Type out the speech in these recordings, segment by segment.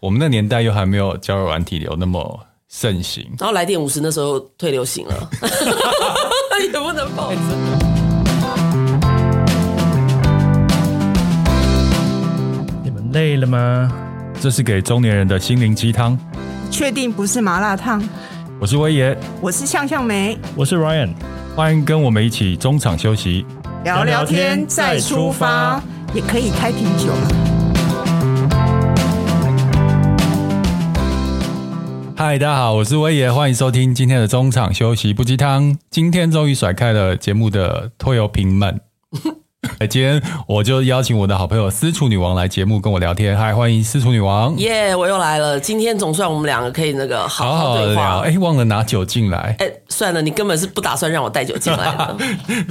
我們那年代又還沒有交友軟體那麼盛行，然後來電五十那時候退流行了，哦、 也不能跑。 你們累了嗎？這是給中年人的心靈雞湯。確定不是麻辣燙？我是威爺，我是向向梅，我是 Ryan，歡迎跟我們一起中場休息，聊聊天再出發，也可以開瓶酒。嗨，Hi, 大家好，我是威爺，歡迎收聽今天的中場休息不雞湯。今天終於甩開了節目的拖油瓶們。 哎，今天我就邀請我的好朋友私廚女王來節目跟我聊天。嗨，歡迎私廚女王！耶，yeah, 我又來了。今天總算我們兩個可以那個好好，好的聊、啊、哎、欸，忘了拿酒進來。哎、欸，算了，你根本是不打算讓我帶酒進來的。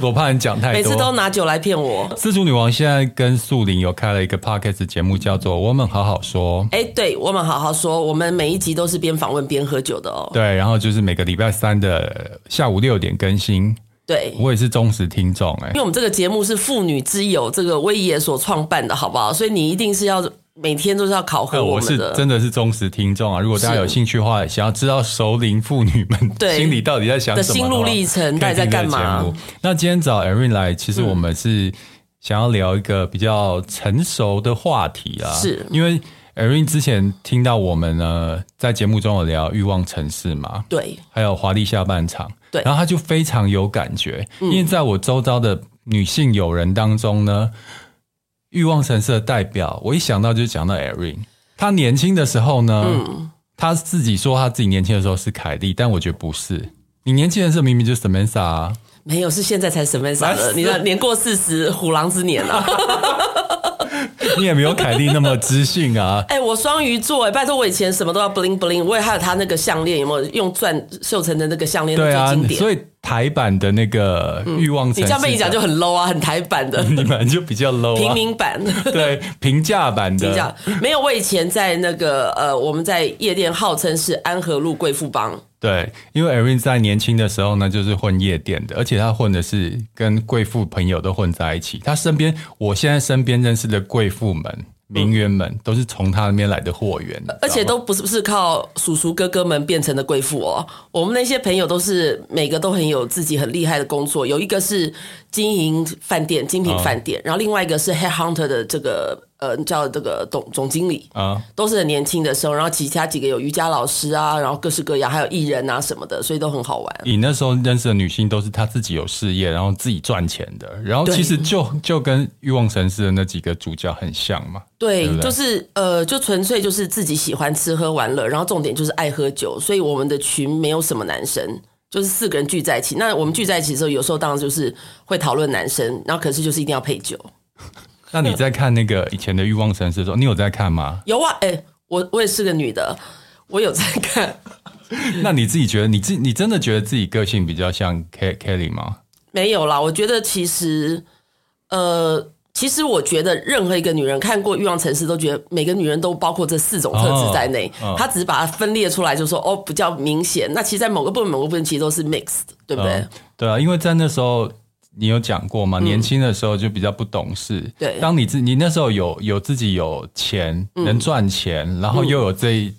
我怕你講太多，每次都拿酒來騙我。私廚女王現在跟素林有開了一個 Podcast 節目，叫做《我們好好說》。哎、欸，對，《我們好好說》，我們每一集都是邊訪問邊喝酒的哦。對，然後就是每個禮拜三的下午六點更新。對，我也是忠實聽眾，哎、欸，因為我們這個節目是婦女之友這個威爺所創辦的，好不好？所以你一定是要每天都是要考核我們的。我是真的是忠實聽眾啊！如果大家有興趣的話，是想要知道熟齡婦女們對心裡到底在想什麼的、的心路歷程、到底在幹嘛？那今天找艾 n 來，其實我們是想要聊一個比較成熟的話題啊，是因為艾 n 之前聽到我們呢，在節目中有聊慾望城市嘛，對，還有華麗下半場。對，然後她就非常有感覺，嗯、因為在我周遭的女性友人當中呢，慾望城市的代表，我一想到就是講到 Irene，她年輕的時候呢，他、嗯、她自己說她自己年輕的時候是凱莉，但我覺得不是，你年輕的時候明明就是 Samantha 啊，沒有，是現在才 Samantha 的，色你看年過四十，虎狼之年啊 你也沒有凱莉那麼自信啊！哎 、欸，我雙魚座、欸，拜託我以前什麼都要 bling bling，我也還有他那個項鏈，有沒有用鑽繡成的那個項鏈？對啊，所以台版的那個欲望，嗯，你這樣被你講就很 low 啊，很台版的，你們就比較 low，啊、平民版，對，平價版的，平價沒有。我以前在那個呃，我們在夜店號稱是安和路貴婦幫。對，因為 IRENE 在年輕的時候呢，就是混夜店的，而且他混的是跟貴婦朋友都混在一起。他身邊，我現在身邊認識的貴婦們、名媛們，都是從他那邊來的貨源，嗯、而且都不是不是靠叔叔哥哥們變成的貴婦哦。我們那些朋友都是每個都很有自己很厲害的工作，有一個是經營飯店、精品飯店，嗯、然後另外一個是 headhunter 的這個。呃，叫這個董總經理啊，都是很年輕的時候，然後其他幾個有瑜伽老師啊，然後各式各樣，還有藝人啊什麼的，所以都很好玩。你那時候認識的女性都是她自己有事業，然後自己賺錢的，然後其實就對就，就跟欲望城市的那幾個主角很像嘛。對，對對就是呃，就純粹就是自己喜歡吃喝玩樂，然後重點就是愛喝酒，所以我們的群沒有什麼男生，就是四個人聚在一起。那我們聚在一起的時候，有時候當然就是會討論男生，然後可是就是一定要配酒。 那你在看那個以前的《慾望城市》的時候，你有在看嗎？有啊，誒、欸，我我也是個女的，我有在看。 那你自己覺得，你自己你真的覺得自己個性比較像 K Kelly 嗎？沒有啦，我覺得其實，呃，其實我覺得任何一個女人看過《慾望城市》，都覺得每個女人都包括這四種特質在內。哦哦、她只是把它分裂出來，就說哦，比較明顯。那其實，在某個部分、某個部分，其實都是 mixed，對不對、呃？對啊，因為在那時候。你有講過嗎？年輕的時候就比較不懂事。對、嗯，當你自你那時候有有自己有錢、嗯、能賺錢，然後又有這貴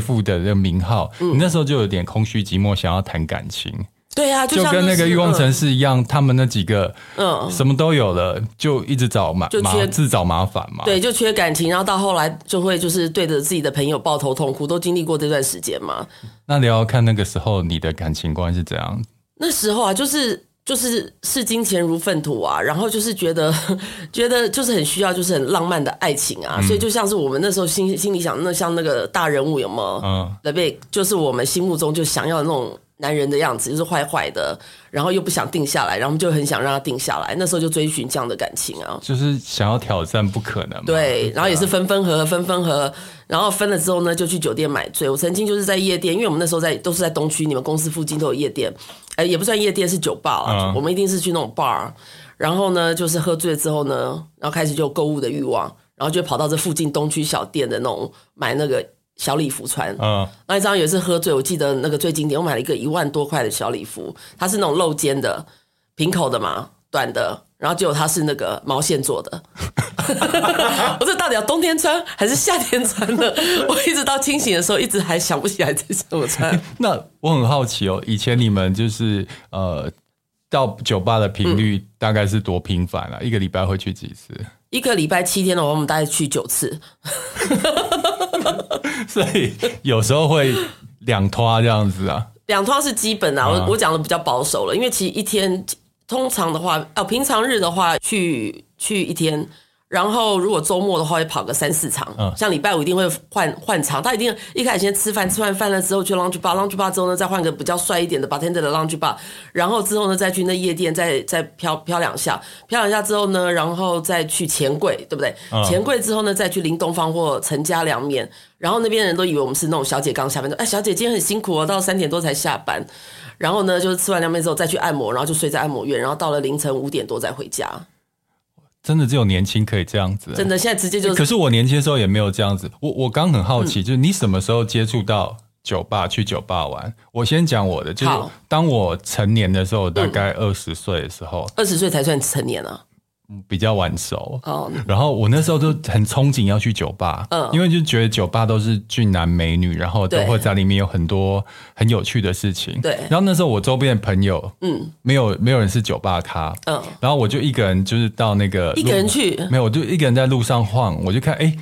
婦的這名號，嗯、你那時候就有點空虛寂寞，想要談感情。對呀、啊，就像就是、就跟那個慾望城市一樣，嗯、他們那幾個嗯，什麼都有了，就一直找麻麻缺自找麻煩嘛。對，就缺感情，然後到後來就會就是對着自己的朋友抱頭痛哭。都經歷過這段時間嘛？那聊聊看那個時候你的感情觀是怎樣？那時候啊，就是。就是視金錢如糞土啊，然後就是覺得覺得就是很需要，就是很浪漫的愛情啊，嗯，所以就像是我們那時候心心裡想，那像那個大人物有沒有？嗯，被就是我們心目中就想要那種男人的樣子，就是壞壞的。然後又不想定下來，然後就很想讓他定下來。那時候就追尋這樣的感情啊，就是想要挑戰，不可能。對，對，然後也是分分合合，分分合合，然後分了之後呢，就去酒店買醉。我曾經就是在夜店，因為我們那時候在都是在東區，你們公司附近都有夜店，哎，也不算夜店是酒吧啊，uh huh. 我們一定是去那種 bar。然後呢，就是喝醉之後呢，然後開始就有購物的欲望，然後就跑到這附近東區小店的那種買那個。小禮服穿，嗯，那一張也是喝醉，我記得那個最經典。我買了一個一萬多塊的小禮服，它是那種露肩的、平口的嘛，短的，然後就它是那個毛線做的。 我這到底要冬天穿還是夏天穿的？ 我一直到清醒的時候，一直還想不起來這什麼穿。那我很好奇哦，以前你們就是呃，到酒吧的頻率大概是多頻繁啊？嗯，一個禮拜會去幾次？一個禮拜七天的話，我們大概去九次。 所以有時候會兩拖這樣子啊，兩拖是基本啊。嗯、我我講的比較保守了，因為其實一天通常的話，啊、呃、平常日的話，去去一天。然後，如果周末的話，會跑個三四場。像禮拜五一定會換換場，他一定一開始先吃飯，吃完飯了之後去 lounge bar，lounge bar 之後呢，再換個比較帥一點的 bartender 的 lounge bar，然後之後呢再去那夜店，再再漂漂兩下，漂兩下之後呢，然後再去錢櫃，對不對？錢櫃之後呢，再去林東方或陳家涼麵，然後那邊人都以為我們是那種小姐剛下班，哎，小姐今天很辛苦哦，到三點多才下班，然後呢就是吃完涼麵之後再去按摩，然後就睡在按摩院，然後到了凌晨五點多再回家。真的只有年輕可以這樣子啊。真的現在直接就是。可是我年輕的時候也沒有這樣子。我我剛很好奇，嗯，就是你什麼時候接觸到酒吧，嗯，去酒吧玩？我先講我的，就是當我成年的時候，嗯，大概二十歲的時候。二十歲才算成年啊。比較晚熟，oh. 然後我那時候就很憧憬要去酒吧，嗯，uh. 因為就覺得酒吧都是俊男美女，然後都會在裡面有很多很有趣的事情，對。然後那時候我周邊的朋友，嗯，沒有沒有人是酒吧咖，嗯。Uh. 然後我就一個人，就是到那個一個人去，沒有，我就一個人在路上晃，我就看，哎，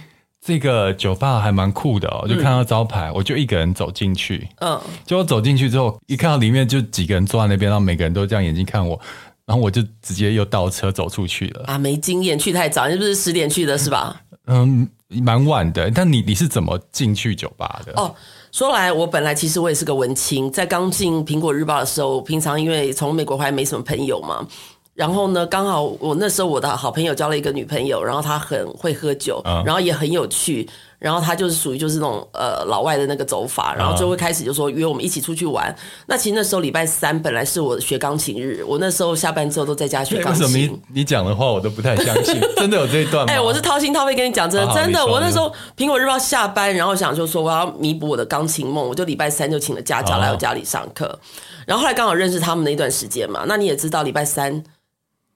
這個酒吧還蠻酷的，哦，就看到招牌，我就一個人走進去，嗯。結果走進去之後，一看到裡面就幾個人坐在那邊，然後每個人都這樣眼睛看我。然後我就直接又倒車走出去了啊！沒經驗，去太早，你是不是十點去的？是吧？嗯，蠻晚的。但你你是怎麼進去酒吧的？哦，說來我本來其實我也是個文青，在剛進蘋果日報的時候，平常因為從美國回來沒什麼朋友嘛。然後呢，剛好我那時候我的好朋友交了一個女朋友，然後她很會喝酒，然後也很有趣。嗯然後他就是屬於就是那種呃老外的那個走法，然後最後會開始就說約我們一起出去玩。哦、那其實那時候禮拜三本來是我的學鋼琴日，我那時候下班之後都在家學鋼琴。為什麼你你講的話我都不太相信？ 真的有這一段嗎？哎，我是掏心掏肺跟你講，真的，啊、真的，說我那時候蘋果日報下班，然後想就說我要彌補我的鋼琴夢，我就禮拜三就請了家教來我家裡上課。哦、然後後來剛好認識他們的那一段時間嘛，那你也知道禮拜三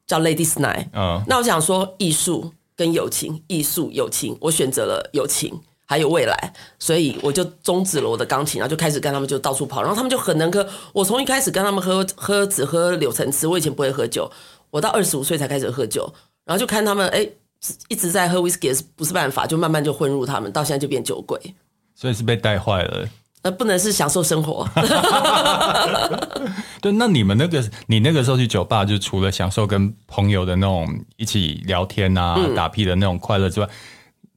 叫 Ladies Night，嗯、哦，那我想說藝術，跟友情、藝術、友情，我選擇了友情，還有未來，所以我就終止了我的鋼琴，然後就開始跟他們就到處跑，然後他們就很能喝。我從一開始跟他們喝喝，只喝柳橙汁。我以前不會喝酒，我到二十五歲才開始喝酒，然後就看他們，誒、欸，一直在喝威士忌，不是辦法，就慢慢就混入他們，到現在就變酒鬼。所以是被帶壞了。不能是享受生活。 對，那你們那個，你那個時候去酒吧，就除了享受跟朋友的那種一起聊天啊、嗯、打屁的那種快樂之外，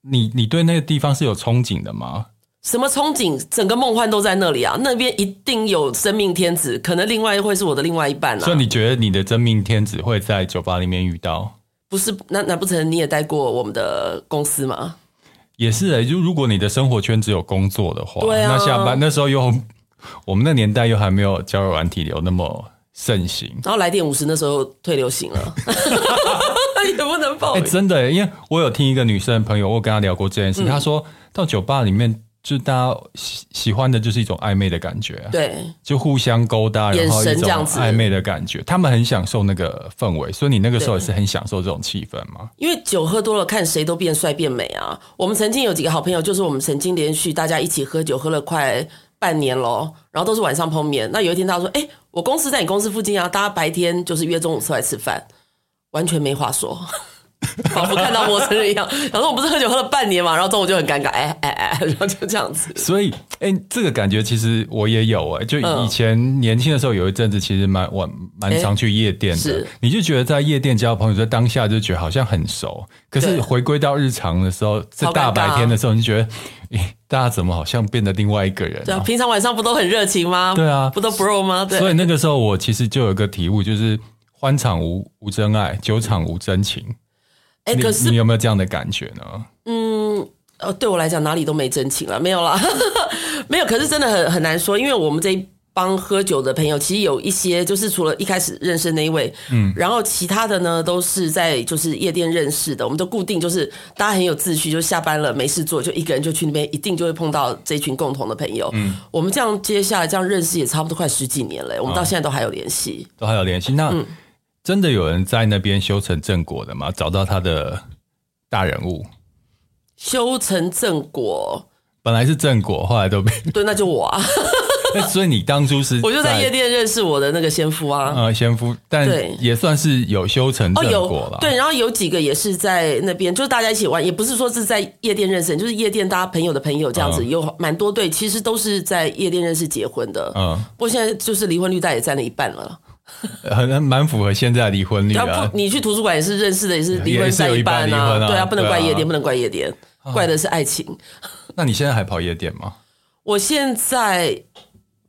你你對那個地方是有憧憬的嗎？什麼憧憬？整個夢幻都在那裡啊！那邊一定有真命天子，可能另外一會是我的另外一半啊！所以你覺得你的真命天子會在酒吧裡面遇到？不是？那難不成你也待過我們的公司嗎？也是誒、欸、就如果你的生活圈只有工作的話，對啊，那下班那時候又，我們那年代又還沒有交友軟體有那麼盛行，然後來電五十那時候退流行了，你能 不能報哎、欸，真的，欸，因為我有聽一個女生朋友，我跟她聊過這件事，嗯、她說到酒吧裡面。就大家喜喜歡的，就是一種曖昧的感覺，對，就互相勾搭，然後一種曖昧的感覺，他們很享受那個氛圍，所以你那個時候也是很享受這種氣氛嗎？因為酒喝多了，看誰都變帥變美啊！我們曾經有幾個好朋友，就是我們曾經連續大家一起喝酒，喝了快半年咯，然後都是晚上碰面。那有一天，他說：“哎、欸，我公司在你公司附近啊，大家白天就是約中午出來吃飯，完全沒話說。”仿佛 看到陌生人一樣。然後我不是喝酒喝了半年嘛，然後中午就很尷尬，哎哎哎，然後就這樣子。所以，哎、欸，這個感覺其實我也有哎、欸。就以前年輕的時候，有一陣子其實蠻晚蠻常去夜店的。欸、是你就覺得在夜店交朋友，在當下就覺得好像很熟，可是回歸到日常的時候，這對大白天的時候，你就覺得，咦、欸，大家怎麼好像變得另外一個人、啊啊？平常晚上不都很熱情嗎？對啊，不都不 r o 嗎？對。所以那個時候我其實就有一個體悟，就是歡場無無真愛，酒場無真情。嗯哎、欸，可是你，你有沒有這樣的感覺呢？嗯，呃，對我來講哪裡都沒真情了，沒有啦， 沒有。可是真的很很難說，因為我們這一幫喝酒的朋友，其實有一些就是除了一開始認識那一位，嗯，然後其他的呢都是在就是夜店認識的。我們都固定就是大家很有秩序，就下班了沒事做，就一個人就去那邊，一定就會碰到這一群共同的朋友。嗯，我們這樣接下來這樣認識也差不多快十幾年了、欸，我們到現在都還有聯繫、哦，都還有聯繫。那。嗯真的有人在那邊修成正果的嗎？找到他的大人物，修成正果，本來是正果，後來都被對，那就我啊。 欸、所以你當初是我就在夜店認識我的那個先夫啊。啊、嗯，先夫，但也算是有修成正果了、哦。對，然後有幾個也是在那邊，就是大家一起玩，也不是說是在夜店認識，就是夜店大家朋友的朋友這樣子，嗯、有蠻多對，其實都是在夜店認識結婚的。嗯，不過現在就是離婚率大概也占了一半了。很 蠻符合現在的離婚率啊。你去圖書館也是認識的，也是離婚佔一半啊。啊，對啊，不能怪夜店，不能怪夜店，啊、怪的是愛情。那你現在還跑夜店嗎？ 我現在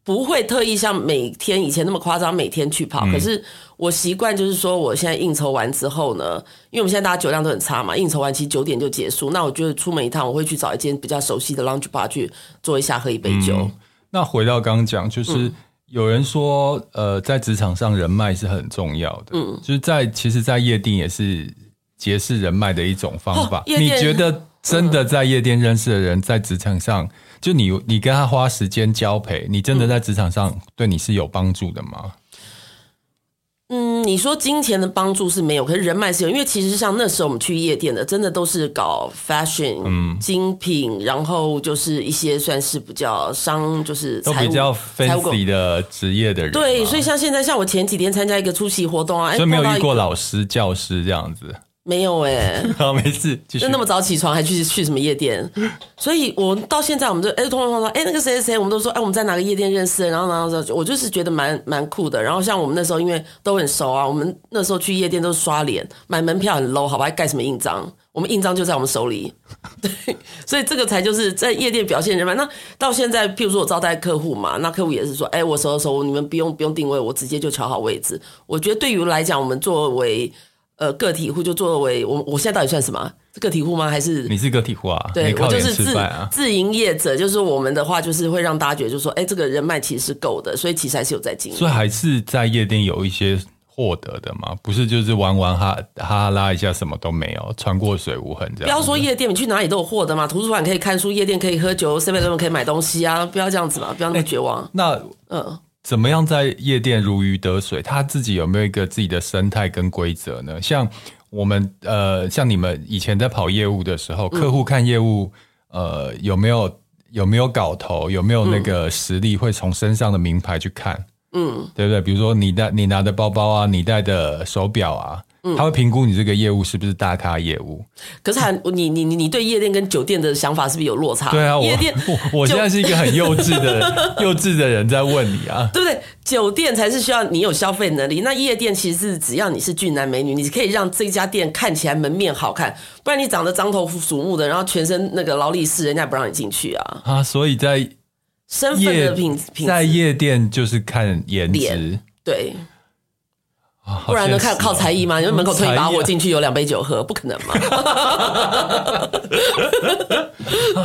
不會特意像每天以前那麼誇張，每天去跑。嗯、可是我習慣就是說，我現在應酬完之後呢，因為我們現在大家酒量都很差嘛，應酬完其實九點就結束。那我覺得出門一趟，我會去找一間比較熟悉的 lounge bar 去坐一下，喝一杯酒，嗯。那回到剛剛講，就是。嗯有人說，呃，在職場上人脈是很重要的。嗯，就是在其實，在夜店也是結識人脈的一種方法。哈你覺得真的在夜店認識的人，嗯、在職場上，就你你跟他花時間交陪，你真的在職場上對你是有幫助的嗎？嗯嗯你說金錢的幫助是沒有，可是人脈是有，因為其實像那時候我們去夜店的，真的都是搞 fashion，嗯，精品，然後就是一些算是比較商，就是財，都比較 fancy 的職業的人，對，所以像現在，像我前幾天參加一個出席活動啊，哎，就沒有遇過老師、教師這樣子。沒有誒、欸、好沒事，就那麼早起床還去去什麼夜店？所以，我到現在我們就哎，通常說誒那個誰誰我們都說誒、哎、我們在哪個夜店認識，然後然後說，我就是覺得蠻蠻酷的。然後像我們那時候，因為都很熟啊，我們那時候去夜店都是刷臉，買門票很 low，好不好？還蓋什麼印章？我們印章就在我們手裡，對。所以這個才就是在夜店表現人嘛。那到現在，譬如說我招待客戶嘛，那客戶也是說，誒、哎、我熟熟,熟，你們不用不用定位，我直接就瞧好位置。我覺得對於來講，我們作為。呃，個體戶就作為我，我現在到底算什麼？個體戶嗎？還是你是個體戶啊？對，吃飯啊、我就是自自營業者。就是我們的話，就是會讓大家覺得，就是說，哎、欸，這個人脈其實是夠的，所以其實還是有在經營，所以還是在夜店有一些獲得的嘛。不是，就是玩玩哈，哈哈拉一下，什麼都沒有，船過水無痕這樣。不要說夜店，你去哪裡都有獲得嘛。圖書館可以看書，夜店可以喝酒，7-11可以買東西啊！不要這樣子嘛，不要那麼絕望。欸、那嗯。怎麼樣在夜店如魚得水？他自己有沒有一個自己的生態跟規則呢？像我們呃，像你們以前在跑業務的時候，嗯、客戶看業務呃有沒有有沒有搞頭，有沒有那個實力，會從身上的名牌去看，嗯，對不對？比如說你帶你拿的包包啊，你戴的手表啊。嗯，他會評估你這個業務是不是大咖業務。可是還，還你你你你對夜店跟酒店的想法是不是有落差？對啊，我店我，我現在是一個很幼稚的人 幼稚的人在問你啊。對不對？酒店才是需要你有消費能力。那夜店其實是只要你是俊男美女，你可以讓這家店看起來門面好看。不然你長得獐頭鼠目的，然後全身那個勞力士，人家不讓你進去啊。啊，所以在、身份的品質在夜店就是看顏值，對。不然能看、喔、靠才藝嗎？你說門口推一把我進去有兩杯酒喝，啊、不可能嘛？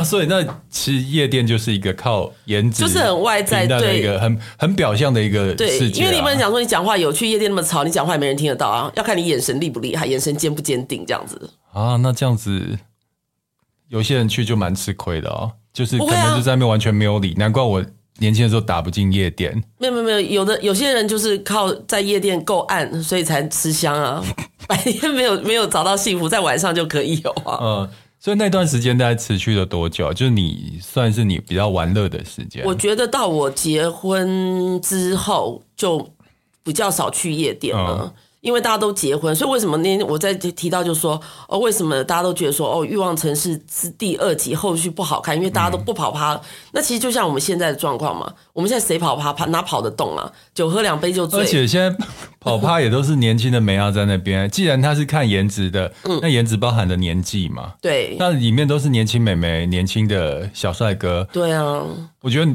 啊，所以那其實夜店就是一個靠顏值，就是很外在的一個對很很表象的一個、啊、對。因為你們講說你講話有去夜店那麼吵，你講話也沒人聽得到啊。要看你眼神厲不厲害，眼神堅不堅定這樣子。啊，那這樣子有些人去就蠻吃虧的哦，就是可能就在那邊完全沒有理。啊、難怪我。年輕的時候打不進夜店，沒有沒有沒有，有的有些人就是靠在夜店夠暗，所以才吃香啊。 白天沒有沒有找到幸福，在晚上就可以有啊。嗯，所以那段時間大概持續了多久？就是你算是你比較玩樂的時間？我覺得到我結婚之後就比較少去夜店了。嗯因為大家都結婚，所以為什麼那我在提到就說哦，為什麼大家都覺得說哦，《慾望城市》之第二集後續不好看？因為大家都不跑趴，嗯、那其實就像我們現在的狀況嘛，我們現在誰跑趴趴哪跑得動啊？酒喝兩杯就醉。而且現在跑趴也都是年輕的美眉、啊、在那邊， 既然他是看顏值的，嗯，那顏值包含的年紀嘛，嗯、對，那裡面都是年輕美眉、年輕的小帥哥，對啊，我覺得。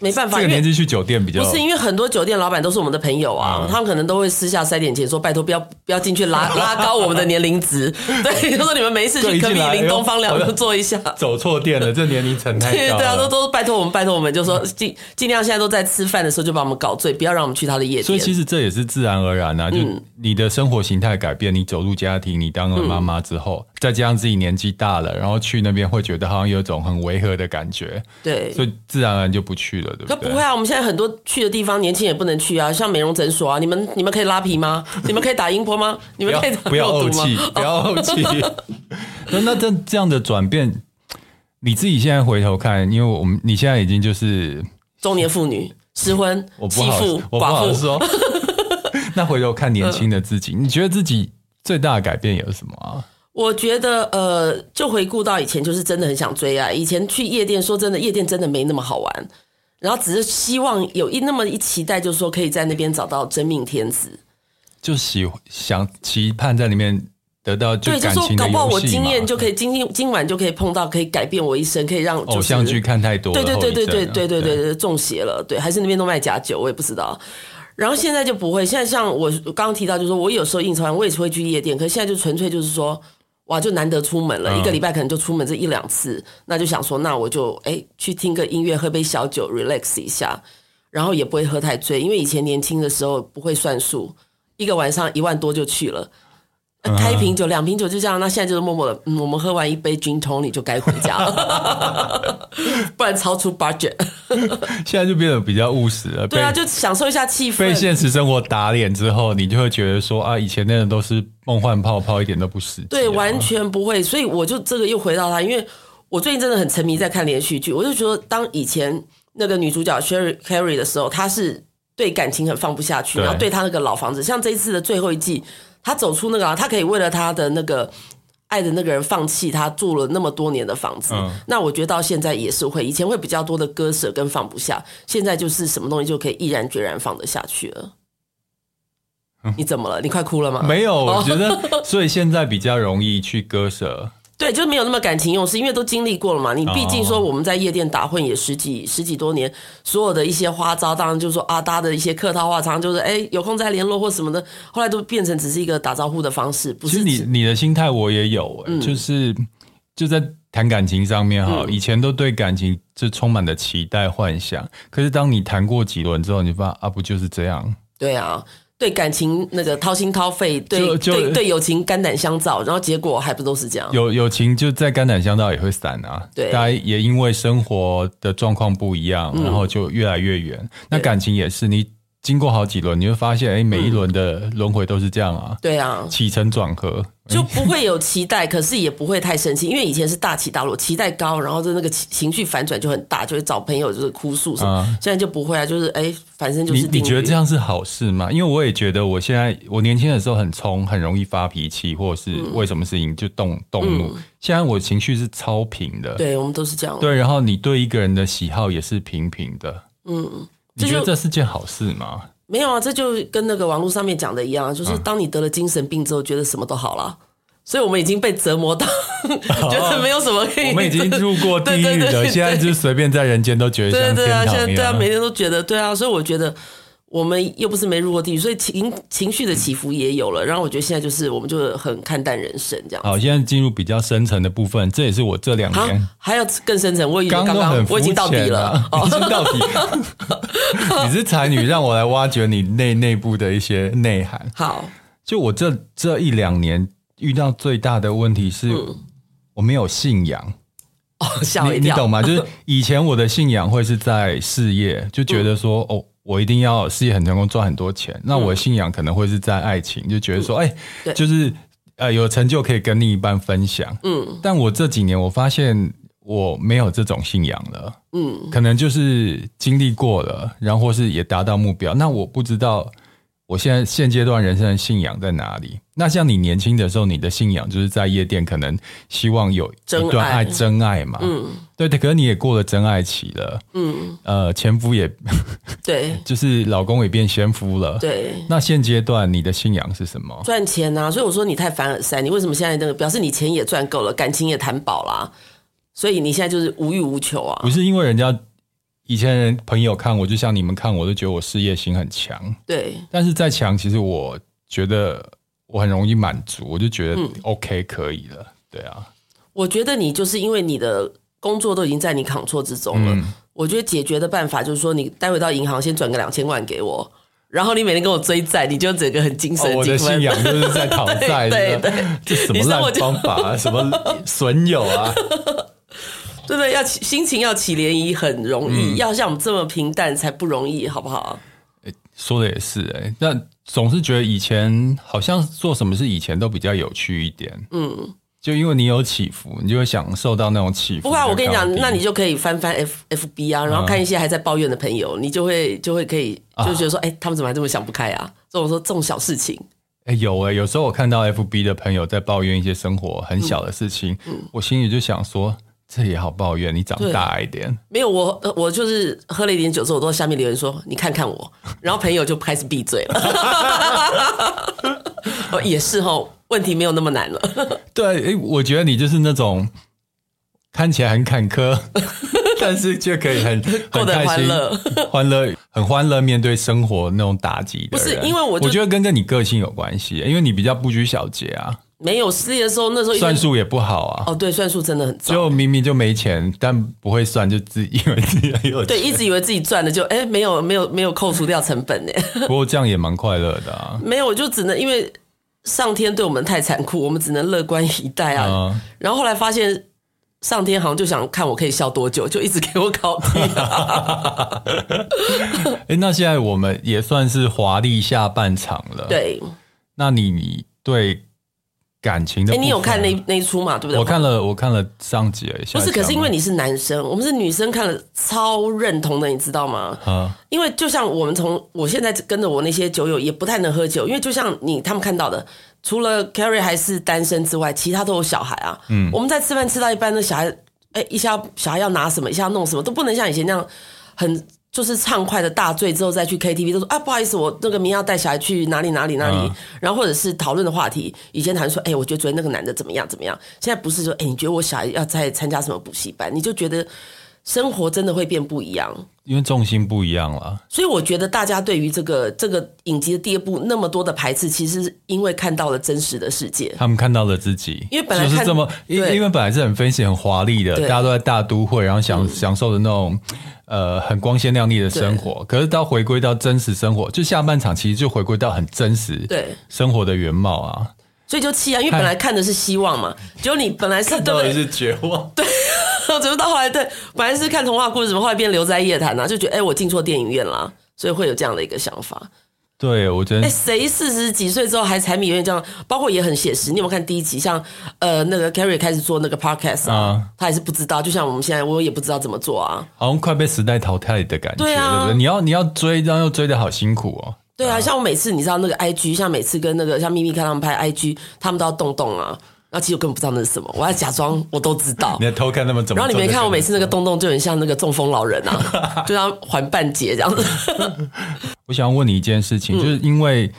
沒辦法，這個年紀去酒店比較不是因為很多酒店老板都是我們的朋友啊，他們可能都會私下塞點錢，說拜托不要不要進去拉拉高我們的年齡值。對，他說你們沒事，去可以上林東方兩桌坐一下。走錯店了，這年齡層太高。對對啊，都都拜托我們，拜托我們就說盡盡量現在都在吃飯的時候就把我們搞醉，不要讓我們去他的夜店。所以其實這也是自然而然啊，就你的生活形態改變，你走入家庭，你當了媽媽之後，再加上自己年紀大了，然後去那邊會覺得好像有一種很違和的感覺。對，所以自然而然就不去了，對不對？不會啊，我們現在很多去的地方，年輕人也不能去啊，像美容診所啊，你們你們可以拉皮嗎？你們可以打音波嗎？ 要你們可以打不要慪氣，不要慪氣。Oh、 那那這這樣的轉變，你自己現在回頭看，因為我們你現在已經就是中年婦女，失婚，寡我不好媳婦寡婦我不好說， 那回頭看年輕的自己，你覺得自己最大的改變有什麼啊？ 我覺得呃，就回顧到以前，就是真的很想追啊。以前去夜店，說真的，夜店真的沒那麼好玩。然後只是希望有一那麼一期待，就是說可以在那邊找到真命天子，就喜想期盼在裡面得到最感情的對，就是、說搞不好我經驗就可以、嗯、今今今晚就可以碰到，可以改變我一生，可以讓偶像劇看太多，對對對對對對對對，對對對，對中邪了，對，還是那邊都賣假酒，我也不知道。然後現在就不會，現在像我剛剛提到，就是說我有時候應酬完，我也是會去夜店，可是現在就純粹就是說。哇，就難得出門了，一個禮拜可能就出門這一兩次，那就想說，那我就哎去聽個音樂，喝杯小酒，relax 一下，然後也不會喝太醉，因為以前年輕的時候不會算數，一個晚上一萬多就去了。開一瓶酒，兩瓶酒就這樣。嗯啊、那現在就是默默的，嗯，我們喝完一杯 Gin Tonic，你就該回家了， 不然超出 budget。 現在就變得比較務實了。對啊，就享受一下氣氛。被現實生活打臉之、之後，你就會覺得說啊，以前那人都是夢幻泡泡，一點都不是。對，完全不會。所以我就這個又回到他，因為我最近真的很沉迷在看連續劇。我就覺得，當以前那個女主角 Sherry Carey 的時候，她是對感情很放不下去，對然後對她那個老房子，像這一次的最後一季。他走出那個、啊，他可以為了他的那個愛的那個人放棄他住了那麼多年的房子。嗯、那我覺得到現在也是會，以前會比較多的割捨跟放不下，現在就是什麼東西就可以毅然決然放得下去了。嗯、你怎麼了？你快哭了嗎？沒有，我覺得所以現在比較容易去割捨。哦 對，就沒有那麼感情用事，是因為都經歷過了嘛。你畢竟說我們在夜店打混也十幾十幾多年，所有的一些花招，當然就是說啊搭的一些客套話，常常就是哎、欸、有空再聯絡或什麼的，後來都變成只是一個打招呼的方式。不是你你的心態我也有、欸，嗯、就是就在談感情上面哈，嗯、以前都對感情就充滿了期待幻想，可是當你談過幾輪之後，你發現啊不就是這樣？對啊。對感情那個掏心掏肺，對對對友情肝膽相照，然後結果還不都是這樣？有友情就再肝膽相照也會散啊，對大家也因為生活的狀況不一樣，嗯、然後就越來越遠。那感情也是，對你經過好幾輪，你會發現，哎，每一輪的輪迴都是這樣啊。嗯、程轉對啊，起承轉合。就不會有期待， 可是也不會太生氣，因為以前是大起大落，期待高，然後就那個情情緒反轉就很大，就會找朋友就是哭訴什麼。啊、現在就不會啊，就是哎，反正就是你，你覺得這樣是好事嗎？因為我也覺得，我現在我年輕的時候很衝，很容易發脾氣，或者是為什麼事情、嗯、就動動怒。現在我情緒是超平的，嗯、對我們都是這樣。對，然後你對一個人的喜好也是平平的，嗯，你覺得這是件好事嗎？沒有啊，這就跟那個網絡上面講的一樣，就是當你得了精神病之後，覺得什麼都好了，嗯、所以我們已經被折磨到，啊、 覺得沒有什麼可以。我們已經入過地獄的，現在就隨便在人間都覺得像天堂一樣。對對對、啊現在。對啊，每天都覺得對啊，所以我覺得。我們又不是沒入過地獄，所以情情緒的起伏也有了。然後我覺得現在就是我們就很看淡人生這樣子。好，現在進入比較深層的部分，這也是我這兩年、啊、還要更深層。我剛剛我已經到底了，已經、啊哦、到底，了。你是才女，讓我來挖掘你內內部的一些內涵。好，就我這這一兩年遇到最大的問題是，嗯、我沒有信仰。哦，嚇一跳你，你懂嗎？就是以前我的信仰會是在事業，嗯、就覺得說哦。我一定要事業很成功，賺很多錢。嗯，那我的信仰可能會是在愛情，就覺得說，哎，就是呃，有成就可以跟另一半分享。嗯，但我這幾年我發現我沒有這種信仰了。嗯，可能就是經歷過了，然後或是也達到目標。那我不知道。我現在現階段人生的信仰在哪裡？那像你年輕的時候，你的信仰就是在夜店，可能希望有一段愛真愛，真愛嘛。嗯，對，可是你也過了真愛期了。嗯。呃，前夫也對， 就是老公也變先夫了。對。那現階段你的信仰是什麼？賺錢啊！所以我說你太凡爾賽。你為什麼現在這個表示你錢也賺夠了，感情也談飽啦。所以你現在就是無欲無求啊？不是因為人家。以前人朋友看我，就像你們看我，都覺得我事業心很強。對，但是再強，其實我覺得我很容易滿足，我就覺得 OK、嗯、可以了。對啊，我覺得你就是因為你的工作都已經在你控制之中了、嗯。我覺得解決的辦法就是說，你待會到銀行先轉個兩千萬給我，然後你每天跟我追債，你就整個很精神精、哦。我的信仰就是在扛債，的， 對，對對，這什麼爛方法啊？什麼損友啊？ 對不對？要起心情要起漣漪很容易，嗯、要像我們這麼平淡才不容易，好不好？說的也是哎、欸，那總是覺得以前好像做什麼事以前都比較有趣一點。嗯，就因為你有起伏，你就會享受到那種起伏。不過我跟你講，低那你就可以翻翻 F F B 啊，然後看一些還在抱怨的朋友，啊、你就會就會可以就覺得說，哎、啊欸，他們怎麼還這麼想不開啊？這種說這種小事情，哎、欸，有哎、欸，有時候我看到 F B 的朋友在抱怨一些生活很小的事情，嗯嗯、我心裡就想說。這也好抱怨，你長大一點。沒有，我，我就是喝了一點酒之後，我都在下面留言說：“你看看我。”然後朋友就開始閉嘴了。 也是哦，問題沒有那麼難了。對，我覺得你就是那種看起來很坎坷，但是就可以很很開心、 很歡樂、歡樂、很歡樂面對生活那種打擊。不是，因為我，我覺得跟跟你個性有關係，因為你比較不拘小節啊。沒有事業的時候，那時候算數也不好啊。哦，對，算數真的很差。就明明就沒錢，但不會算，就自以為自己很有錢。對，一直以為自己賺了，就哎，沒有沒有沒有扣除掉成本呢。不過這樣也蠻快樂的啊。沒有，就只能因為上天對我們太殘酷，我們只能樂觀以待啊。嗯、然後後來發現，上天好像就想看我可以笑多久，就一直給我考驗啊。哎， 那現在我們也算是華麗下半場了。對，那你，你對？感情的，哎、欸，你有看那一那一出嘛？對不對？我看了，我看了上集而已。不是，可是因為你是男生，我們是女生看了超認同的，你知道嗎？啊、嗯，因為就像我們從我現在跟着我那些酒友，也不太能喝酒，因為就像你他們看到的，除了 Carrie 還是單身之外，其他都有小孩啊。嗯，我們在吃飯吃到一半的小孩，哎、欸，一下小孩要拿什麼，一下要弄什麼，都不能像以前那樣很。就是暢快的大醉之後再去 KTV 都說，啊不好意思，我那個明要帶小孩去哪裡哪裡哪裡。啊、然後或者是討論的話題，以前談說哎、欸、我覺得昨天那個男的怎麼樣怎麼樣，現在不是說哎、欸、你覺得我小孩要再參加什麼補習班，你就覺得。生活真的會變不一樣，因為重心不一樣了。所以我覺得大家對於這個這個影集的第二部那麼多的排斥，其實是因為看到了真實的世界，他們看到了自己。因為本來就是這麼，對因為本來是很 fancy 很華麗的，對大家都在大都會，然後享、嗯、享受的那種呃很光鮮亮麗的生活。對可是到回歸到真實生活，就下半場其實就回歸到很真實對生活的原貌啊。所以就氣啊，因為本來看的是希望嘛，結果看你本來是都 是絕望對。怎麼到後來？對，反正是看童話故事，怎麼後來變聊齋夜談呢？啊？就覺得誒、欸、我進錯電影院啦，所以會有這樣的一個想法。對，我覺得哎，誰四十幾歲之後還柴米油鹽這樣，包括也很寫實。你有沒有看第一集？像呃，那個 Carrie 開始做那個 Podcast 啊，啊他還是不知道。就像我們現在，我也不知道怎麼做啊，好像快被時代淘汰的感覺。對對、啊、對？你要你要追，然後又追得好辛苦哦。對啊，啊像我每次，你知道那個 IG，像每次跟那個像秘密看他們拍 IG，他們都要動動啊。那其實我根本不知道那是什麼，我要假裝我都知道。你在偷看那麼久，然後你沒看我每次那個洞洞就很像那個中風老人啊， 就要還半截這樣子 我想要問你一件事情，嗯、就是因為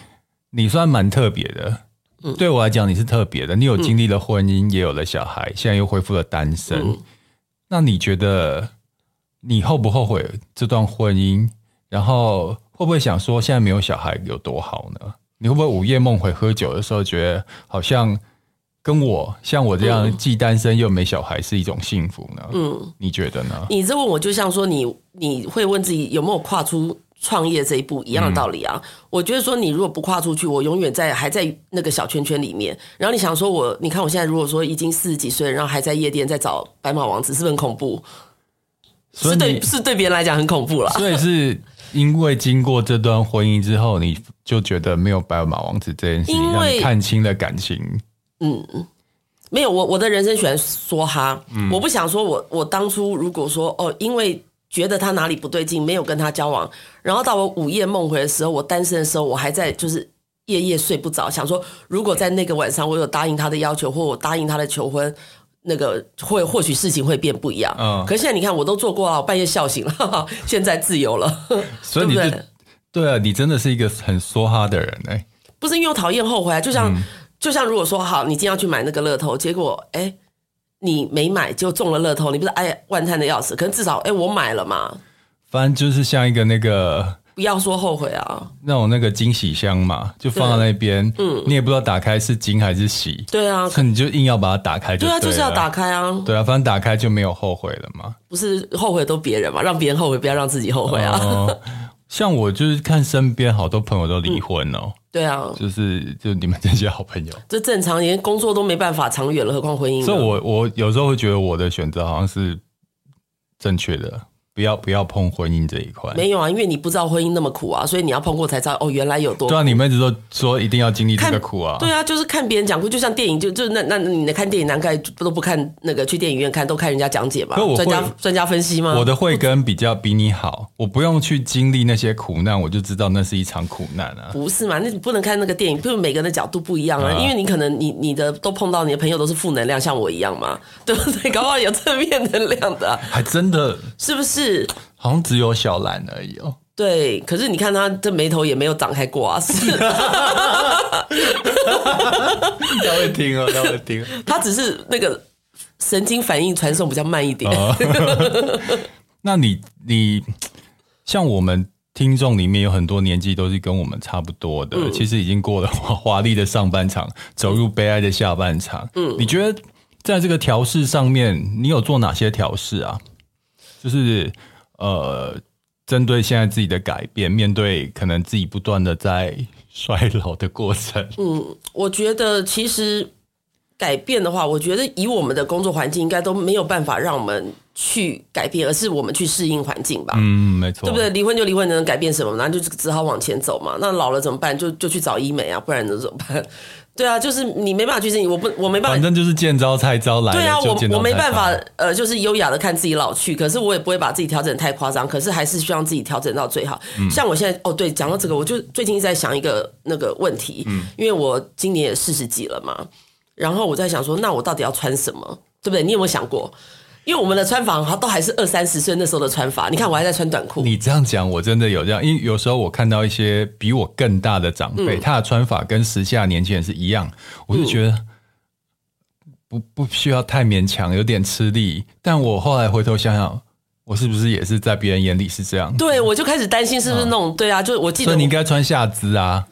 你算蠻特別的，嗯、對我來講你是特別的。你有經歷了婚姻，嗯、也有了小孩，現在又恢復了單身。嗯、那你覺得你後不後悔這段婚姻？然後會不會想說現在沒有小孩有多好呢？你會不會午夜夢回喝酒的時候覺得好像？跟我像我這樣、嗯、既單身又沒小孩是一種幸福呢？嗯，你覺得呢？你這問我就像說你你會問自己有沒有跨出創業這一步一樣的道理啊。嗯、我覺得說你如果不跨出去，我永遠在還在那個小圈圈裡面。然後你想說我你看我現在如果說已經四十幾歲，然後還在夜店在找白馬王子，是不是很恐怖？所以是對，是對別人來講很恐怖啦。所以是因為經過這段婚姻之後，你就覺得沒有白馬王子這件事情，因為，讓你看清了感情。嗯，沒有我，我的人生喜歡梭哈，嗯、我不想說我，我我當初如果說哦，因為覺得他哪裡不對勁，沒有跟他交往，然後到我午夜夢回的時候，我單身的時候，我還在就是夜夜睡不着，想說如果在那個晚上我有答應他的要求，或我答應他的求婚，那個會或許事情會變不一樣。嗯、哦，可是現在你看，我都做過了，半夜笑醒了哈哈，現在自由了。 所以你 對，不對，對啊，你真的是一個很梭哈的人哎、欸，不是因為我討厭後悔啊，就像、嗯。就像如果說好，你今天要去買那個樂透，結果哎、欸，你沒買就中了樂透，你不是哎萬嘆的要死。可是至少哎、欸，我買了嘛，反正就是像一個那個不要說後悔啊，那種那個驚喜箱嘛，就放在那邊、啊，嗯，你也不知道打開是驚還是喜，對啊，可你就硬要把它打開就對，對啊，就是要打開啊，對啊，反正打開就沒有後悔了嘛，不是後悔都別人嘛，讓別人後悔，不要讓自己後悔啊。呃、像我就是看身邊好多朋友都離婚了、哦。嗯對啊，就是就你們這些好朋友，這正常，連工作都沒辦法長遠了，何況婚姻呢？所以我，我我有時候會覺得我的選擇好像是正確的。不要不要碰婚姻這一塊，沒有啊，因為你不知道婚姻那麼苦啊，所以你要碰過才知道哦，原來有多。對啊，你們一直都說一定要經歷這個苦啊，對啊，就是看別人講過就像電影，就就那那你看電影難怪不都不看那個去電影院看，都看人家講解嘛，專家專家分析嗎？我的慧根比較比你好，我不用去經歷那些苦難，我就知道那是一場苦難啊。不是嘛？那你不能看那個電影，就是每個人的角度不一樣啊，啊因為你可能你你的都碰到你的朋友都是負能量，像我一樣嘛，對不對？ 搞不好有正面能量的、啊，還真的是不是？是，好像只有小蘭而已哦。對，可是你看，他這眉頭也沒有長開過啊。他 會聽，他會聽。他只是那個神經反應傳送比較慢一點、哦。那你你像我們聽眾裡面有很多年紀都是跟我們差不多的，嗯、其實已經過了華麗的上半場，走入悲哀的下半場。嗯，你覺得在這個調試上面，你有做哪些調試啊？就是呃，針對現在自己的改變，面對可能自己不斷的在衰老的過程。嗯，我覺得其實改變的話，我覺得以我們的工作環境，應該都沒有辦法讓我們去改變，而是我們去適應環境吧。嗯，沒錯，對不對？離婚就離婚，能改變什麼？那就只好往前走嘛。那老了怎麼辦？就就去找醫美啊，不然能怎麼辦？對啊，就是你沒辦法去適應，我不，我沒辦法，反正就是見招拆招來。對啊，我我沒辦法，呃，就是優雅的看自己老去，可是我也不會把自己調整太誇張，可是還是希望自己調整到最好。嗯，像我現在，哦對，講到這個，我就最近一直在想一個那個問題，嗯，因為我今年也四十幾了嘛，然後我在想說，那我到底要穿什麼，對不對？你有沒有想過？因為我們的穿法好像都還是二三十歲那時候的穿法，你看我還在穿短褲。你這樣講我真的有這樣，因為有時候我看到一些比我更大的長輩，嗯、他的穿法跟時下年輕人是一樣，我就覺得不、嗯、不需要太勉強，有點吃力。但我後來回頭想想，我是不是也是在別人眼裡是這樣？對，我就開始擔心是不是那種、嗯、對啊，就我記得我你應該穿下肢啊。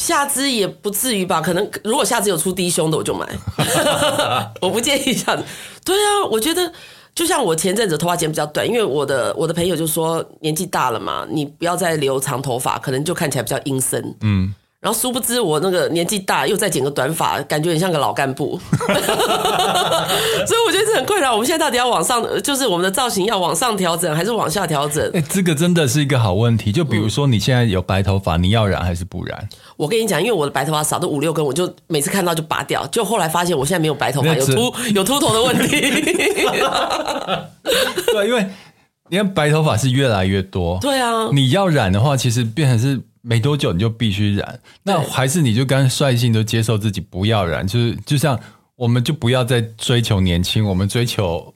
下肢也不至於吧，可能如果下肢有出低胸的，我就買。 我不建議下肢。對啊，我覺得就像我前陣子的頭髮剪比較短，因為我的我的朋友就說年紀大了嘛，你不要再留長頭髮，可能就看起來比較陰森。嗯。然後殊不知我那個年紀大，又再剪個短髮，感覺很像個老幹部。 所以我覺得這很困擾。我們現在到底要往上，就是我們的造型要往上調整，還是往下調整？哎、欸，這個真的是一個好問題。就比如說你現在有白頭髮，嗯、你要染還是不染？我跟你講，因為我的白頭髮少，都五六根，我就每次看到就拔掉。就後來發現，我現在沒有白頭髮，有禿，有禿頭的問題。 對，因為你看白頭髮是越來越多。對啊，你要染的話，其實變成是。沒多久你就必須染，對那還是你就乾率性都接受自己不要染，就是就像我們就不要再追求年輕，我們追求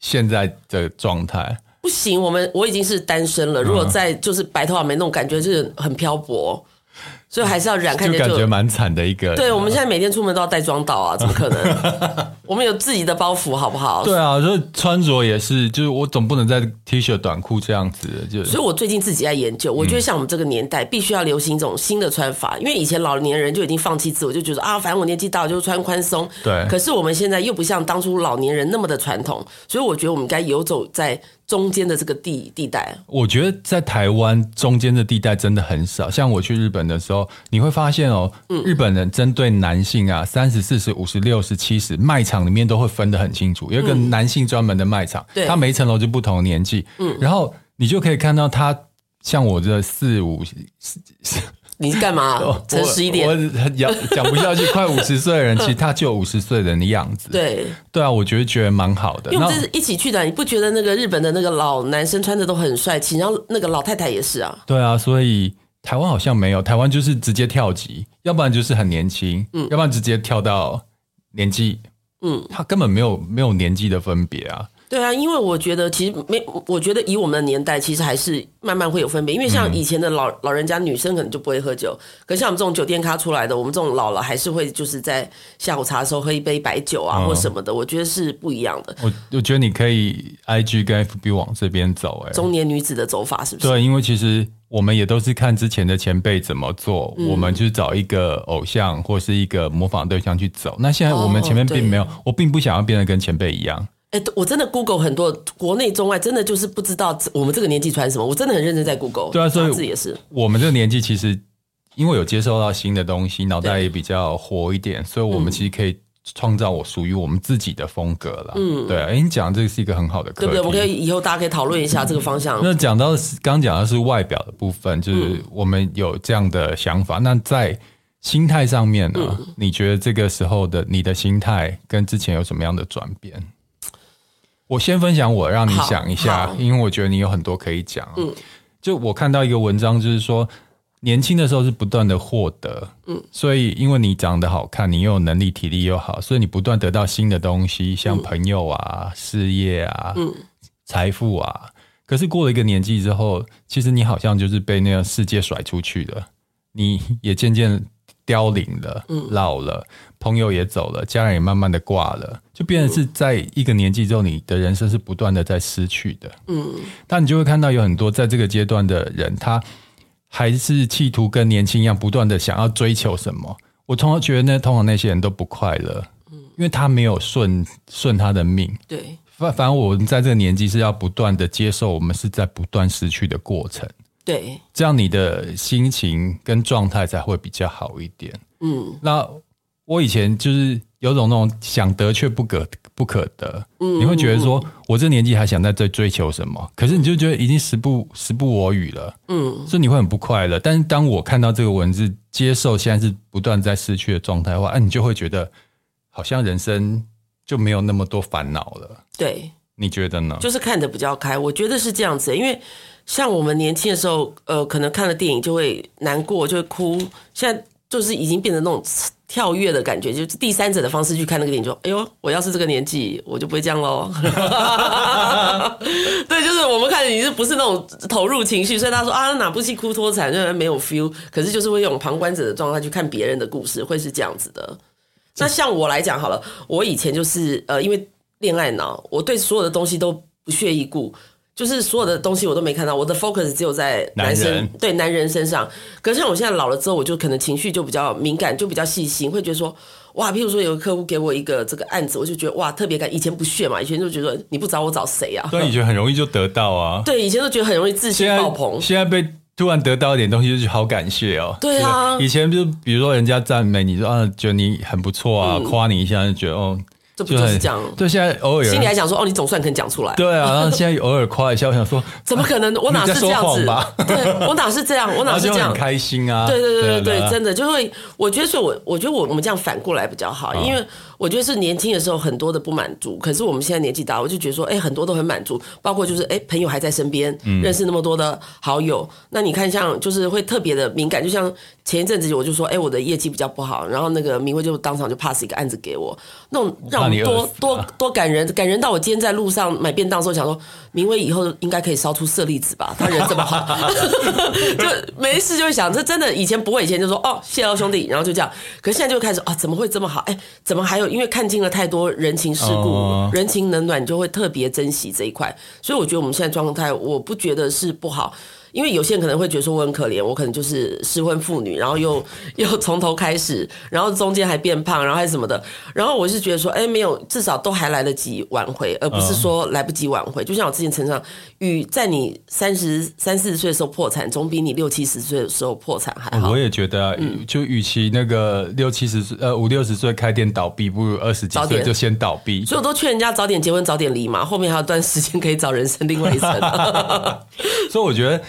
現在的狀態。不行，我們我已經是單身了，嗯、如果再就是白頭髮沒那種感覺，就是很漂泊。所以還是要染看就，就感覺蠻慘的一個。對，嗯、我們現在每天出門都要帶妝到啊，怎麼可能？ 我們有自己的包袱，好不好？對啊，所以穿着也是，就是我總不能在 T 恤短褲這樣子。就所以，我最近自己在研究，我覺得像我們這個年代，嗯、必須要流行一種新的穿法，因為以前老年人就已經放棄自我，就覺得啊，反正我年紀大了，就穿寬鬆。對。可是我們現在又不像當初老年人那麼的傳統，所以我覺得我們該遊走在。中間的這個地地帶，啊，我覺得在台灣中間的地帶真的很少。像我去日本的時候，你會發現哦、喔，嗯、日本人針對男性啊，三十四十五十六十七十，賣場裡面都會分得很清楚，有一個男性專門的賣場，它、嗯、每一層樓就不同年紀。嗯、然後你就可以看到他，像我這四五。你是幹嘛？我誠實一點，我，我講講不下去。 快五十歲的人，其實他就五十歲人的樣子。 對對啊，我覺得覺得蠻好的，因為這是一起去的，後你不覺得那個日本的那個老男生穿的都很帥氣，然後那個老太太也是啊。對啊，所以台灣好像沒有，台灣就是直接跳級，要不然就是很年輕，嗯，要不然直接跳到年紀，嗯，他根本沒有沒有年紀的分別啊。對啊，因為我覺得其實沒，我覺得以我們的年代，其實還是慢慢會有分別。因為像以前的老、嗯、老人家，女生可能就不會喝酒，可是像我們這種酒店咖出來的，我們這種老了還是會就是在下午茶的時候喝一杯白酒啊、嗯、或什麼的，我覺得是不一樣的。我我覺得你可以 I G 跟 F B 往這邊走，欸，哎，中年女子的走法是不是？對，因為其實我們也都是看之前的前輩怎麼做，嗯、我們就找一個偶像或是一個模仿對象去走。那現在我們前面並沒有，哦、我並不想要變得跟前輩一樣。哎、欸，我真的 Google 很多，國內、中外，真的就是不知道我們這個年紀穿什麼。我真的很認真在 Google。對啊，所以也是我們這個年紀，其實因為有接受到新的東西，腦袋也比較活一點，對所以我們其實可以創造我屬於我們自己的風格啦。嗯，對、啊。哎、欸，你講這個是一個很好的，對不對？我們可以以後大家可以討論一下這個方向。嗯、那講到剛講的是外表的部分，就是我們有這樣的想法。那在心態上面呢？嗯、你覺得這個時候的你的心態跟之前有什麼樣的轉變？我先分享我，我讓你想一下，因為我覺得你有很多可以講。嗯，就我看到一個文章，就是說年輕的時候是不斷的獲得，嗯，所以因為你長得好看，你又有能力、體力又好，所以你不斷得到新的東西，像朋友啊、嗯、事業啊、嗯、財富啊。可是過了一個年紀之後，其實你好像就是被那個世界甩出去的，你也漸漸凋零了，嗯、老了。朋友也走了，家人也慢慢的掛了，就變成是在一個年紀之後，你的人生是不斷的在失去的。嗯，但你就會看到有很多在這個階段的人，他還是企圖跟年輕一樣，不斷的想要追求什麼。我通常覺得呢，通常那些人都不快樂，嗯，因為他沒有順順他的命。對，反反正我們在這個年紀是要不斷的接受，我們是在不斷失去的過程。對，這樣你的心情跟狀態才會比較好一點。嗯，那。我以前就是有種那種想得卻不可不可得，你會覺得說，我這年紀還想在這追求什麼？可是你就覺得已經時不時不我與予了，嗯，所以你會很不快樂。但是當我看到這個文字，接受現在是不斷在失去的狀態的話，啊，那你就會覺得好像人生就沒有那麼多煩惱了。對，你覺得呢？就是看得比較開，我覺得是這樣子，因為像我們年輕的時候，呃，可能看了電影就會難過，就會哭。現在。就是已經變成那種跳躍的感覺，就是第三者的方式去看那個電影，就哎呦，我要是這個年紀，我就不會這樣嘍。 對，就是我們看，你是不是那種投入情緒？所以他說啊，哪部戲哭拖慘，就沒有 feel。可是就是會用旁觀者的狀態去看別人的故事，會是這樣子的。嗯、那像我來講，好了，我以前就是呃，因為戀愛腦，我對所有的東西都不屑一顧。就是所有的東西我都沒看到，我的 focus 只有在男生，男人，對，男人身上。可是像我現在老了之後，我就可能情緒就比較敏感，就比較細心，會覺得說，哇，譬如說有個客戶給我一個這個案子，我就覺得哇，特別感。以前不屑嘛，以前就覺得你不找我找誰啊？所以以前很容易就得到啊。對，以前都覺得很容易自信爆棚。現在，現在被突然得到一點東西，就是好感謝哦。對啊，以前就比如說人家讚美你說啊，覺得你很不錯啊，嗯、誇你一下就覺得哦。就是這樣，對，現在偶爾心裡還想說，哦，你總算肯講出來，對啊。 現在偶爾誇一下，我想說，啊、怎麼可能？我哪是這樣子？ 對，我哪是這樣？我哪是這樣？開心啊！對對，對對對對對，對啊、真的就會。我覺得，是我我覺得，我我們這樣反過來比較好，啦因為。哦我覺得是年輕的時候很多的不滿足，可是我們現在年紀大，我就覺得說，哎、欸，很多都很滿足，包括就是，哎、欸，朋友還在身邊，認識那麼多的好友。嗯、那你看，像就是會特別的敏感，就像前一陣子我就說，哎、欸，我的業績比較不好，然後那個明慧就當場就 pass 一個案子給我，那種讓我們多多多感人，感人到我今天在路上買便當的時候想說。明威以後應該可以燒出舍利子吧？他人這麼好， 就沒事就會想，這真的以前不會，以前就說哦，謝了兄弟，然後就這樣。可是現在就開始啊、哦，怎麼會這麼好？哎，怎麼還有？因為看盡了太多人情世故，oh. 人情冷暖，就會特別珍惜這一塊。所以我覺得我們現在狀態，我不覺得是不好。因為有些人可能會覺得說我很可憐，我可能就是失婚婦女，然後又又從頭開始，然後中間還變胖，然後還什麼的。然後我是覺得說，哎，沒有，至少都還來得及挽回，而不是說來不及挽回。嗯、就像我之前成長，與在你三十三四十歲的時候破產，總比你六七十歲的時候破產還好。我也覺得、啊，嗯、就與其那個六七十歲呃五六十歲開店倒閉，不如二十幾歲就先倒閉。所以我都勸人家早點結婚，早點離嘛，後面還有段時間可以找人生另外一層。 所以我覺得。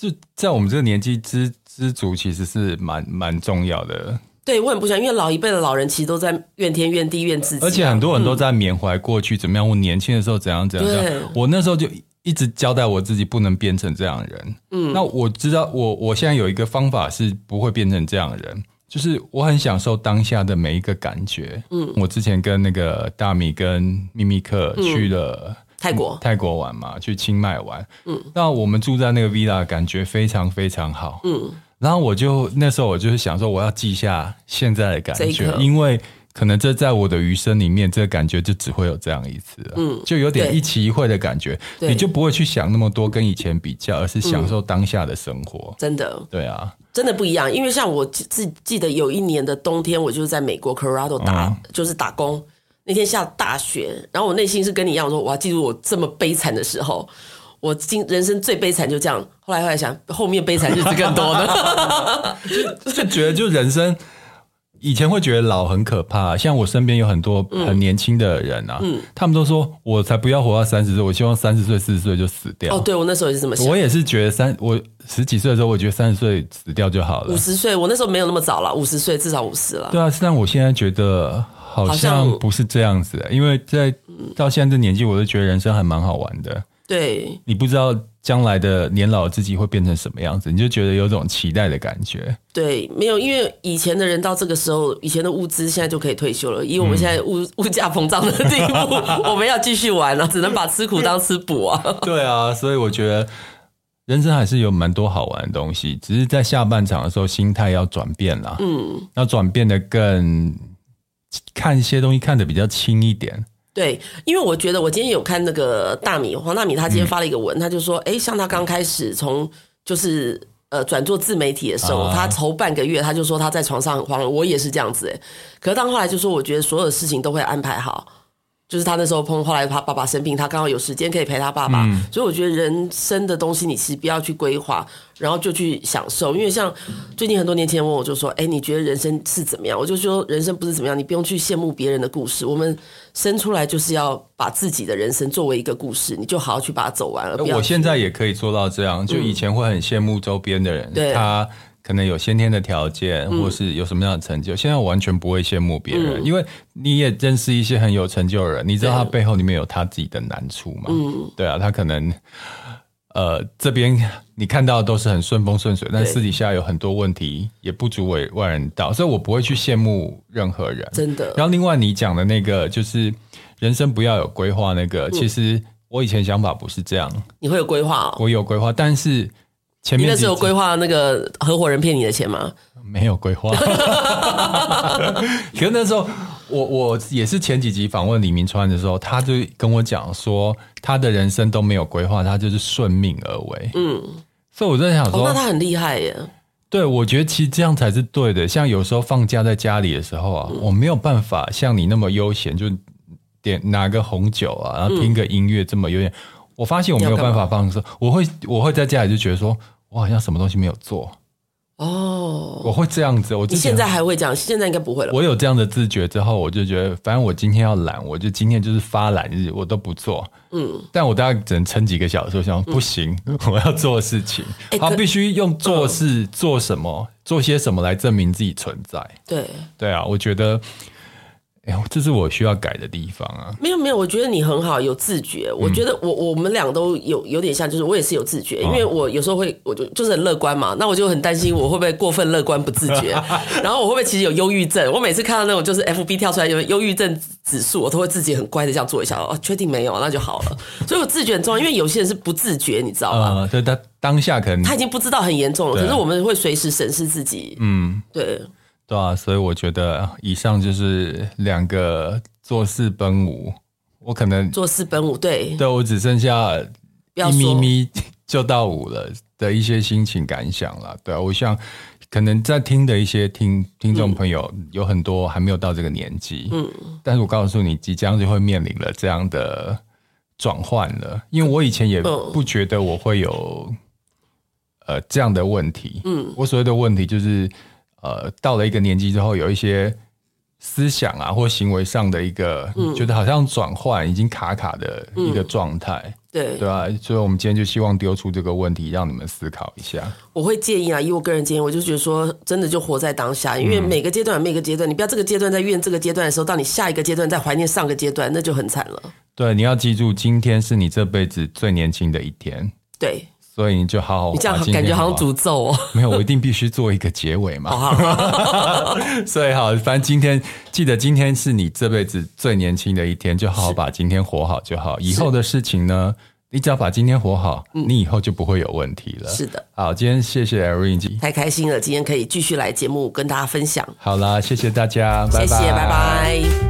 就在我們這個年紀，知知足其實是蠻蠻重要的。對，我很不想，因為老一輩的老人其實都在怨天怨地怨自己、啊，而且很多人都在緬懷過去，怎麼樣？嗯、我年輕的時候怎樣怎樣對。我那時候就一直交代我自己，不能變成這樣的人。嗯、那我知道我，我我現在有一個方法是不會變成這樣的人，就是我很享受當下的每一個感覺。嗯，我之前跟那個大米跟秘密客去了、嗯。泰國，泰國玩嘛，去清邁玩。嗯，那我們住在那個 villa，感覺非常非常好。嗯，然後我就那時候我就是想說，我要記下現在的感覺，因為可能這在我的餘生裡面，這感覺就只會有這樣一次。嗯，就有點一期一會的感覺，對你就不會去想那麼多，跟以前比較，對而是享受當下的生活。嗯、真的，對啊，真的不一樣。因為像我記得有一年的冬天，我就是在美國 Colorado 打，嗯、就是打工。那天下大雪，然後我內心是跟你一樣，我說我要記住我這麼悲慘的時候，我今人生最悲慘就這樣。後來後來想，後面悲慘就是更多的， 就是覺得就人生。以前會覺得老很可怕，像我身邊有很多很年輕的人啊，嗯嗯、他們都說我才不要活到三十歲，我希望三十歲四十歲就死掉。哦，對我那時候也是這麼想，我也是覺得三我十幾歲的時候，我覺得三十歲死掉就好了。五十歲，我那時候沒有那麼早了，五十歲至少五十了。對啊，但我現在覺得。好像不是這樣子，欸，像因為在到現在這年紀，嗯、我都覺得人生還蠻好玩的。對，你不知道將來的年老的自己會變成什麼樣子，你就覺得有種期待的感覺。對，沒有，因為以前的人到這個時候，以前的物資，現在就可以退休了，以我們現在物、嗯、物價膨脹的地步，我們要繼續玩了、啊， 只能把吃苦當吃補啊。對啊，所以我覺得人生還是有蠻多好玩的東西，只是在下半場的時候心態要轉變啦。嗯，要轉變的更看一些東西看得比較輕一點，對，因為我覺得我今天有看那個大米黃大米，他今天發了一個文，嗯、他就說，哎，像他剛開始從就是呃轉做自媒體的時候，啊、他頭半個月他就說他在床上很慌，我也是這樣子哎，可是到後來就說，我覺得所有的事情都會安排好。就是他那時候碰，後來他爸爸生病，他剛好有時間可以陪他爸爸，嗯、所以我覺得人生的東西你其實不要去規劃，然後就去享受。因為像最近很多年前問我就說，誒、欸，你覺得人生是怎麼樣？我就說人生不是怎麼樣，你不用去羨慕別人的故事。我們生出來就是要把自己的人生作為一個故事，你就好好去把它走完了。我現在也可以做到這樣，就以前會很羨慕周邊的人，對、嗯、他。可能有先天的條件，或是有什麼樣的成就。嗯、現在我完全不會羨慕別人，嗯、因為你也認識一些很有成就的人，你知道他背後裡面有他自己的難處嗎？嗯、對啊，他可能呃這邊你看到都是很順風順水，但私底下有很多問題，也不足為外人道，對所以我不會去羨慕任何人。真的。然後另外你講的那個就是人生不要有規劃，那個、嗯、其實我以前想法不是這樣，你會有規劃、哦、我有規劃，但是。前面是有規劃，那個合夥人騙你的錢嗎？沒有規劃。 可是那時候，我我也是前幾集訪問李明川的時候，他就跟我講說，他的人生都沒有規劃，他就是順命而為。嗯，所以我在想說，哦、那他很厲害耶。對，我覺得其實這樣才是對的。像有時候放假在家裡的時候啊，嗯、我沒有辦法像你那麼悠閒，就點拿個紅酒啊，然後聽個音樂這麼悠閒。嗯我發現我沒有辦法放鬆，我會我會在家裡就覺得說，我好像什麼東西沒有做哦，我會這樣子。我，你現在還會這樣？現在應該不會了。我有這樣的自覺之後，我就覺得，反正我今天要懶，我就今天就是發懶日，我都不做。嗯，但我大概只能撐幾個小時我想，想、嗯、不行，我要做事情。他必須用做事、嗯、做什麼、做些什麼來證明自己存在。對對啊，我覺得。這是我需要改的地方啊！沒有沒有，我覺得你很好，有自覺。嗯、我覺得我我們倆都有有點像，就是我也是有自覺，因為我有時候會，我就就是很樂觀嘛，那我就很擔心我會不會過分樂觀不自覺， 然後我會不會其實有憂鬱症？我每次看到那種就是 FB 跳出來有憂鬱症指數，我都會自己很乖的這樣做一下，哦，確定沒有，那就好了。所以我自覺很重要，因為有些人是不自覺，你知道嗎？呃，對、嗯，所以他當下可能他已經不知道很嚴重了，對可是我們會隨時審視自己。嗯，對。對啊，所以我覺得以上就是兩個做四奔五，我可能做四奔五，對，對我只剩下一咪咪就到五了的一些心情感想了。對啊，我想可能在聽的一些聽聽眾朋友有很多還沒有到這個年紀，嗯，嗯，但是我告訴你，即將就會面臨了這樣的轉換了。因為我以前也不覺得我會有、嗯、呃這樣的問題，嗯，我所謂的問題就是。呃，到了一個年紀之後，有一些思想啊，或行為上的一個，嗯、覺得好像轉換已經卡卡的一個狀態。嗯、對對啊，所以我們今天就希望丟出這個問題，讓你們思考一下。我會建議啊，以我個人經驗，我就覺得說，真的就活在當下，因為每個階段有每個階段，嗯、你不要這個階段在怨這個階段的時候，到你下一個階段再懷念上個階段，那就很慘了。對，你要記住，今天是你這輩子最年輕的一天。對。所以你就好好活。你這樣感覺好像詛咒哦。沒有，我一定必須做一個結尾嘛。 好好 所以好，反正今天記得今天是你這輩子最年輕的一天，就好好把今天活好就好。是以後的事情呢，你只要把今天活好，是你以後就不會有問題了。嗯、是的。好，今天謝謝 IRENE 太開心了，今天可以繼續來節目跟大家分享。好啦，謝謝大家， 拜拜謝謝，拜拜。